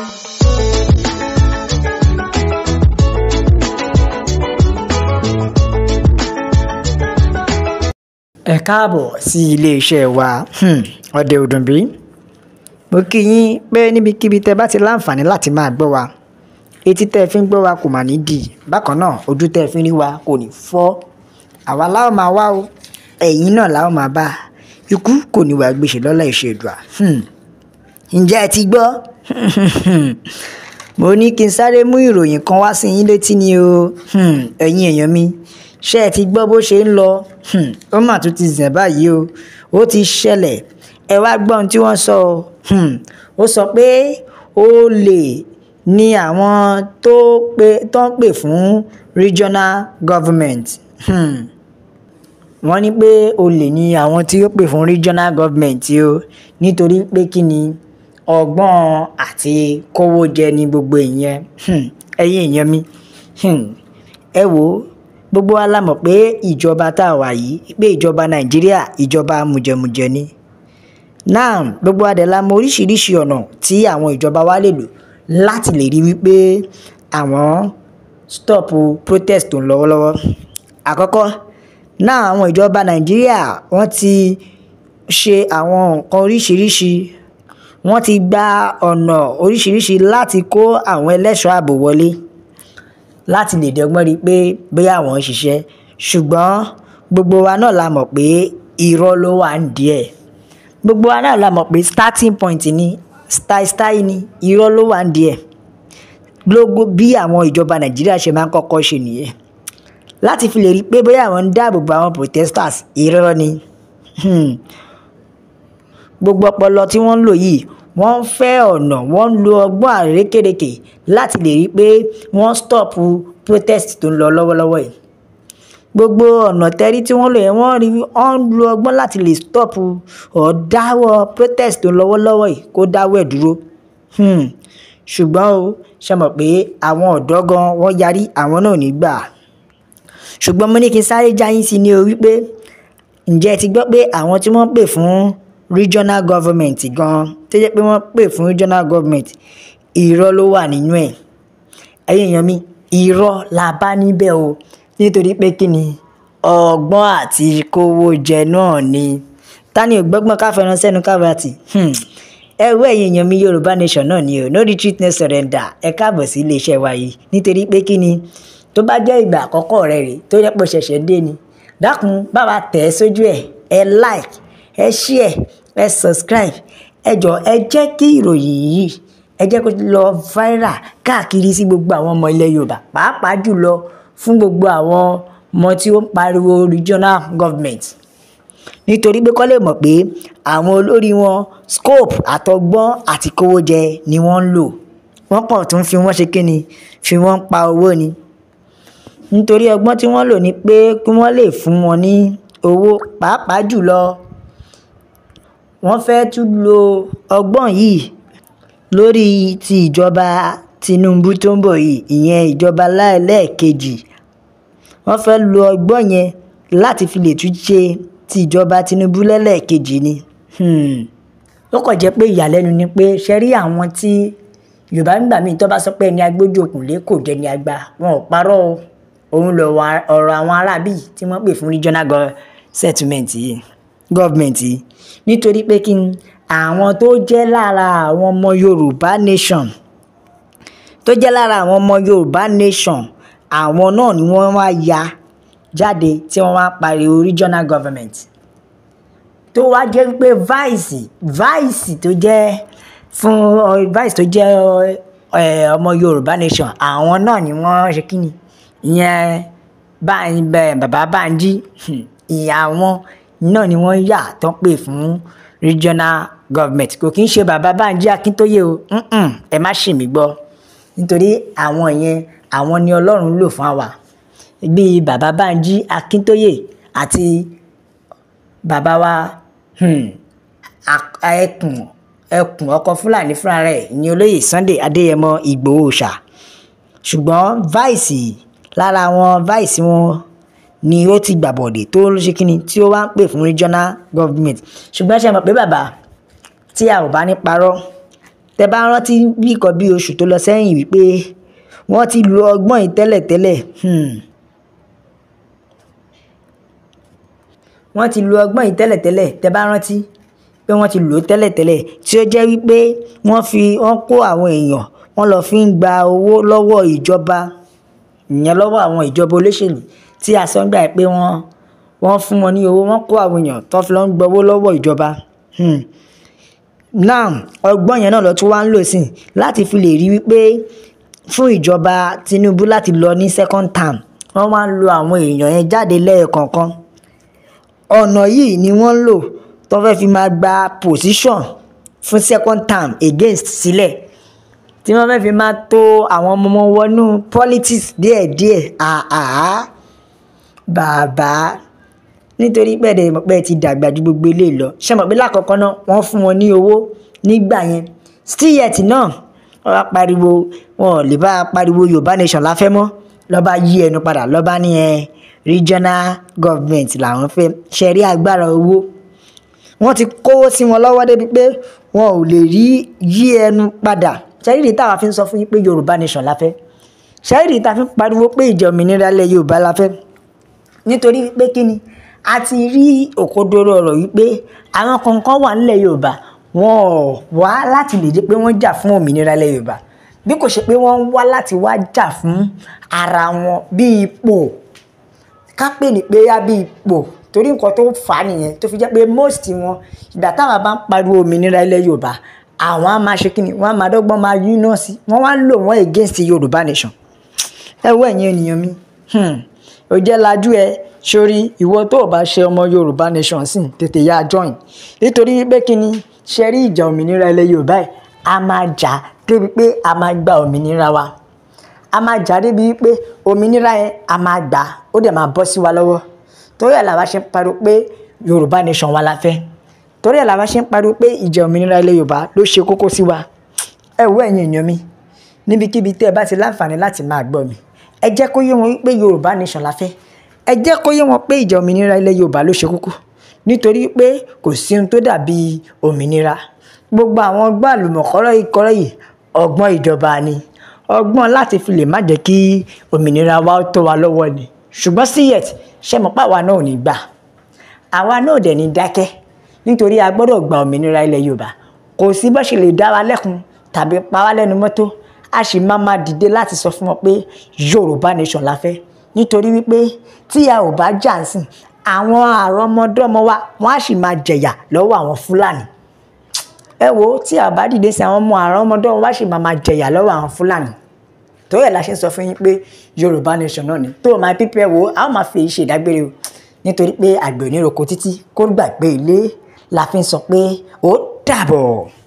ẹ káàbọ̀ sí ilé wa hmm, ọdẹ òdùnbí mo kí yín pé níbikíbi tẹ bá ti láǹfààní láti máa gbọ́ wa etí tẹ́ ẹ fi ń gbọ́ wa kò mà ní dì bákan náà ojú tẹ́ fi ń rí wa kò ní fọ́ àwa láwọn máa wá o ẹ̀yìn náà láwọn máa bá ikú kò ní wàá gbèsè lọ́la ìṣèdùà hmm. ǹjẹ́ ẹ ti gbọ́ mo ní kí n sáré mú ìròyìn kan wá sí yín létí ni o um ẹ̀yin èèyàn mi ṣé ẹ ti gbọ́ bó ṣe ń lọ um ó mà tún ti zẹ̀ báyìí o ó ti ṣẹlẹ̀ ẹ wá gbọ́ ohun tí wọ́n sọ hmm, ó sọ pé olè ni àwọn tó ń pè fún regional government. Hmm wọ́n ní pé olè ni àwọn tí ó pè fún regional government o nítorí pé kí ni ọgbọ́n àti kówó jẹ ni gbogbo ìyẹn hmm, ẹ̀yin èèyàn mi hmm, ẹ wò gbogbo wa la mọ̀ pé ìjọba tá a wà yìí pé ìjọba nàìjíríà ìjọba mùjẹmùjẹ ni náà gbogbo adẹ̀ la mọ̀ oríṣiríṣi ọ̀nà tí àwọn ìjọba wa lè lò láti lè rí wípé àwọn stop protest tó ń lọ́wọ́lọ́wọ́ àkọ́kọ́ náà àwọn ìjọba nàìjíríà wọ́n ti ṣe àwọn nǹkan oríṣiríṣi wọ́n ti gba ọ̀nà oríṣiríṣi láti kó àwọn ẹlẹ́ṣọ́ ààbò wọlé láti lè dọ́gbọ́n rí i pé bóyá àwọn ń ṣiṣẹ́ ṣùgbọ́n gbogbo wa náà la mọ̀ pé irọ́ ló wà ń díẹ̀ gbogbo wa náà la mọ̀ pé starting point ni style style ni irọ́ ló wà ń díẹ̀ lógo bí àwọn ìjọba nàìjíríà ṣe máa ń kọ́kọ́ ṣe nìyẹn láti fi lè rí i pé bóyá àwọn ń dáàbò bo àwọn protesters irọ́ ni. Hmm gbogbo ọpọlọ tí wọ́n ń lò yìí wọ́n ń fẹ́ ọ̀nà wọ́n ń lo ọgbọ́n àrékèrèkè láti lè rí i pé wọ́n stop protest tó ń lọ lọ́wọ́lọ́wọ́ yìí gbogbo ọ̀nà tẹ́rí tí wọ́n lò yẹn wọ́n rí ń lo ọgbọ́n láti lè stop ọ̀ protest tó ń lọ lọ́wọ́lọ́wọ́ yìí kó dáwọ́ ẹ̀ dúró hmm. ṣùgbọ́n o ṣe mọ̀ pé àwọn ọ̀dọ́ gan wọ́n yarí àwọn náà ní gbà ṣùgbọ́n mo ní kí n sáré jáyín sí ni o wípé ǹjẹ́ ẹ ti gbọ́ pé àwọn tí wọ́n pè fún regional government gan tó jẹ́ pé wọ́n pè fún regional government irọ́ ló wà nínú ẹ̀ ẹ̀yin èèyàn mi irọ́ la bá níbẹ̀ o nítorí pé kí ni ọgbọ́n àti kówó jẹ náà ni tani ògbọ́gbọ́n káfẹ́ràn sẹ́nu káfíàtì hmm. ẹwọ́ ẹ̀yin èèyàn mi yorùbá nation náà ni o no retreat no surrender ẹ káàbọ̀ sí iléeṣẹ́ wa yìí nítorí pé kí ni tó bá jẹ́ ìgbà àkọ́kọ́ rẹ rèé tó yẹ pé ṣẹ̀ṣẹ̀ dé ni dákun bá wa tẹ̀ ẹ́ sójú ẹ̀ ẹ like ẹ share ẹ subscribe ẹ jọ ẹ jẹ́ kí ìròyìn yìí ẹ jẹ́ kó lọ viral káàkiri sí gbogbo àwọn ọmọ ilẹ̀ Yorùbá pàápàá jùlọ fún gbogbo àwọn ọmọ tí ó ń pariwo regional government nítorí pé kọ́ lè mọ̀ pé àwọn olórí wọn scope àtọgbọ́n àti kówójẹ ni wọ́n ń lò wọ́n kàn tún fi wọ́n ṣe kíni fi wọ́n pa owó ni nítorí ọgbọ́n tí wọ́n lò ni pé kí wọ́n lè fún wọn ní owó pàápàá jùlọ wọ́n fẹ́ẹ́ tún lo ọgbọ́n yìí lórí ti ìjọba tinubu tó ń bọ̀ yìí ìyẹn ìjọba lẹ́ẹ̀kejì wọ́n fẹ́ẹ́ lo ọgbọ́n yẹn láti fi lè tún ṣe ti ìjọba tinubu lẹ́ẹ̀kejì ni hmm. ó kàn jẹ́ pé ìyàlẹ́nu ni pé ṣe rí àwọn tí yorùbá ń gbà mí tó bá sọ pé ẹni agbójú òkùnlé kò dẹni àgbà wọn ò parọ́ òun lọ̀rọ̀ àwọn aráabí tí wọ́n pè fún regional government settlement yìí gọ́ọ̀mẹ̀ntì nítorí pé kí àwọn tó jẹ́ lára àwọn ọmọ yorùbá nation tó jẹ́ lára àwọn ọmọ yorùbá nation àwọn náà ni wọ́n wá ya jáde tí wọ́n wá pariwo regional government tó wá jẹ́ pé vice vice tó jẹ́ fún vice tó jẹ́ ọmọ yorùbá nation àwọn náà ni wọ́n ṣe kí ni ìyẹn bàbá Bánjí hmm, ìyá wọn náà ni wọ́n yà tán pè fún regional government kò kí ń ṣe bàbá Bánjí Akíntóyè o ẹ má ṣì mí gbọ́ nítorí àwọn yẹn àwọn ni Ọlọ́run lò fún àwa bíi bàbá Bánjí Akíntóyè àti bàbá wa hmm, ẹkùn ẹkùn ọkọ Fúlàní fúnra rẹ̀ ìyẹn olóyè Sunday Adéyẹmọ Ìgbòho ṣá ṣùgbọ́n vice lára wọn vice wọn ni ó ti gbàbọ̀dè tó ń ṣe kíni tí ó wá ń pè fún regional government ṣùgbọ́n ṣe mọ̀ pé bàbá tí a ò bá ní parọ́ tẹ bá rántí bí kan bí oṣù tó lọ sẹ́yìn wípé wọ́n ti lo ọgbọ́n yìí tẹ́lẹ̀tẹ́lẹ̀ hmm. wọ́n ti lo ọgbọ́n yìí tẹ́lẹ̀tẹ́lẹ̀ tẹ bá rántí pé wọ́n ti lò ó tẹ́lẹ̀tẹ́lẹ̀ tí ó jẹ́ wípé wọ́n fi wọ́n kó àwọn èèyàn wọ́n lọ fi ń gba owó lọ́wọ́ ìjọba ìyẹn lọ́wọ́ àwọn ìjọba olóṣèlú tí a sọ ń gbà pé wọ́n wọ́n fún wọn ní owó wọ́n kó àwọn èèyàn tó fi lọ ń gbowó lọ́wọ́ ìjọba hmm. now ọgbọ́n yẹn náà lọ tún wá ń lò sí láti fi lè rí wípé fún ìjọba Tinubu láti lọ ní second term wọ́n wá ń lo àwọn èèyàn yẹn jáde lẹ́ẹ̀kọ̀ọ̀kan ọ̀nà yìí ni wọ́n ń lò tó fẹ́ fi máa gba position fún second term against sílẹ̀ tí wọ́n fẹ́ fi máa tó àwọn ọmọ wọn wọnú politics díẹ̀díẹ̀ àhàhà. Ah, ah bàbá nítorí pé ẹ̀dẹ̀ mọ̀ pé ẹ ti dàgbà ju gbogbo eléyìí lọ ṣe mọ̀ pé lákọ̀ọ́kọ́ náà wọ́n fún wọn ní owó nígbà yẹn still yet náà wọ́n á pariwo wọn ò lè bá pariwo yorùbá nation láfẹ́ mọ́ lọ́ba yí ẹnu padà lọ́ba ní ẹ regional government làwọn fẹ́ ṣe rí agbára owó wọ́n ti kówó sí wọn lọ́wọ́ débi pé wọn ò lè rí yí ẹnu padà ṣẹ́rìí táwa fi ń sọ fún yín pé yorùbá nation láfẹ́ ṣẹ́rìí tá a fi ń pariwo pé ìjọ òmìnira ilẹ̀ yorùbá láfẹ́ nítorí pé kí ni a ti rí òkodoro ọ̀rọ̀ wípé àwọn kankan wà nílẹ̀ yorùbá wọn ò wá láti lè jẹ́ pé wọ́n jà fún òmìnira ilẹ̀ yorùbá bí kò ṣe pé wọ́n ń wá láti wá jà fún ara wọn bí ipò ká pè ní pé á bí ipò torí nǹkan tó fà á nìyẹn tó fi jẹ́ pé most wọn ìgbà táwa bá ń pariwo òmìnira ilẹ̀ yorùbá àwọn á máa ṣe kí ni wọ́n á máa dọ́gbọ́n máa yún sí wọ́n wá ń lò wọ́n against yorùbá nation ẹ wọ ẹ̀yin ènìyàn mi. Hmm ó jẹ́ lajú ẹ sórí ìwọ tó o bá ṣe ọmọ yorùbá nation sìn tètè yá join nítorí pé kí ni ṣe rí ìjà òmìnira ilẹ̀ yorùbá yìí a máa jà débi pé a máa gba òmìnira wa a máa jà débi pé òmìnira yẹn a máa gbà ó dẹ̀ máa bọ́ sí wa lọ́wọ́ torí ẹ̀ làwa ṣe ń pariwo pé yorùbá nation wa la fẹ́ torí ẹ̀ làwa ṣe ń pariwo pé ìjà òmìnira ilẹ̀ yorùbá ló ṣe kókó sí wa ẹ wo ẹ̀yin èèyàn mi níbikíbi tẹ́ ẹ bá ti láǹfààní láti máa gbọ́ mi ẹ jẹ́ kó yé wọn wípé yorùbá nation la fẹ́ ẹ jẹ́ kó yé wọn pé ìjà òmìnira ilẹ̀ yorùbá ló ṣe kókó nítorí pé kò sí ohun tó dàbí òmìnira gbogbo àwọn gbàlùmọ̀kọ́rọ́ ìkọ́rọ́ yìí ọgbọ́n ìjọba ni ọgbọ́n láti fi lè má jẹ́ kí òmìnira wa tó wa lọ́wọ́ ni ṣùgbọ́n sí yet ṣe mọ̀ pé àwa náà ò ní gbà àwa náà dẹ̀ ní dákẹ́ nítorí a gbọ́dọ̀ gba òmìnira ilẹ̀ yorùbá kò sí bó ṣe lè dá wa lẹ́kun tàbí pa wá lẹ́nu mọ́tò a sì máa máa dìde láti sọ fún wọn pé yorùbá nation la fẹ́ nítorí wípé tí a ò bá jà ń sìn àwọn àrọmọdọ́mọ wa wọ́n á sì máa jẹ̀yà lọ́wọ́ àwọn fúlàní ẹ wo tí a bá dìde sí àwọn ọmọ àrọmọdọ́mọ wa sì máa máa jẹ̀yà lọ́wọ́ àwọn fúlàní tó yẹ la ṣe ń sọ fún yín pé yorùbá nation náà ni tó o máa pípẹ́ wo a ó máa fi èyí ṣe ìdágbére o nítorí pé àgbẹ̀ oníroko títí kó gbàgbé ilé la fi ń sọ pé ó dàbọ̀.